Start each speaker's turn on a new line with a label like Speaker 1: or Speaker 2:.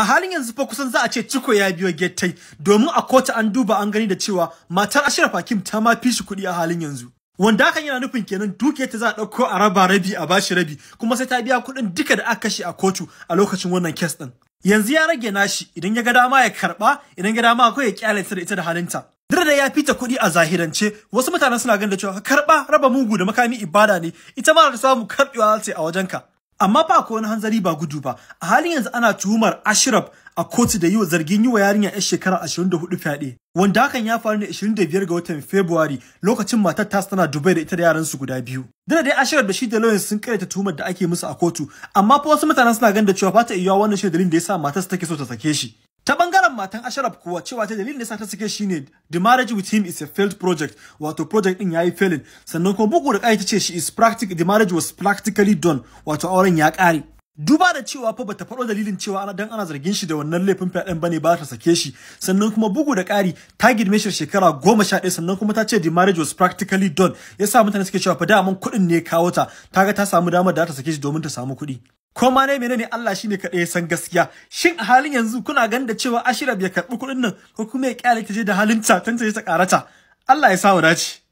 Speaker 1: a halin yanzu fa kusan za a ce ciko ya biyo gettai domin a kotu an duba an gani da cewa matar Ashraf Hakim ta ma fi shi kuɗi a halin yanzu wanda hakan yana nufin kenan duke ta za a ɗauko a raba rabi a bashi rabi kuma sai ta biya kuɗin duka da aka kashe a kotu a lokacin wannan kes ɗin yanzu ya rage nashi idan ya ga dama ya karɓa idan ya ga dama akwai ya kyale ta da ita da halinta Dare da ya fita kuɗi a zahirance, wasu mutanen suna ganin da cewa karɓa raba mugu da makami ibada ne, ita ma ta samu karɓewa a wajenka. amma ba akwai wani hanzari ba gudu ba a halin yanzu ana tuhumar Ashraf a kotu da wa zargin yi wa yarinya yar shekara 24 fyaɗe wanda hakan ya faru ne 25 ga watan February lokacin matar ta tana Dubai da ita da yaransu guda biyu dana dai Ashraf da shi da Lawrence sun karyata tuhumar da ake musu a kotu amma fa wasu mutanen suna ganin da cewa fata iya wannan shi dalilin da yasa matar take so ta sake shi matan Ashraf kuwa cewa ta dalilin da sa ta sake shine the marriage with him is a failed project wato project din yayi failing sannan kuma bugu da kai ta ce she is practical the marriage was practically done wato auren ya kare duba da cewa fa bata faɗo dalilin cewa ana dan ana zargin shi da wannan laifin fyaɗen bane ba ta sake shi sannan kuma bugu da ƙari ta girme shi shekara goma sha ɗaya sannan kuma ta ce the marriage was practically done sa mutane suke cewa fa daman kuɗin ne kawo ta ta ga ta samu damar da ta sake shi domin ta samu kuɗi ko ma ne menene Allah shine kaɗai ya san gaskiya shin a halin yanzu kuna ganin da cewa ashira ya karɓi kuɗin nan ko kuma ya kyale ta je da halin ta tantance ta karata Allah ya sa wadaci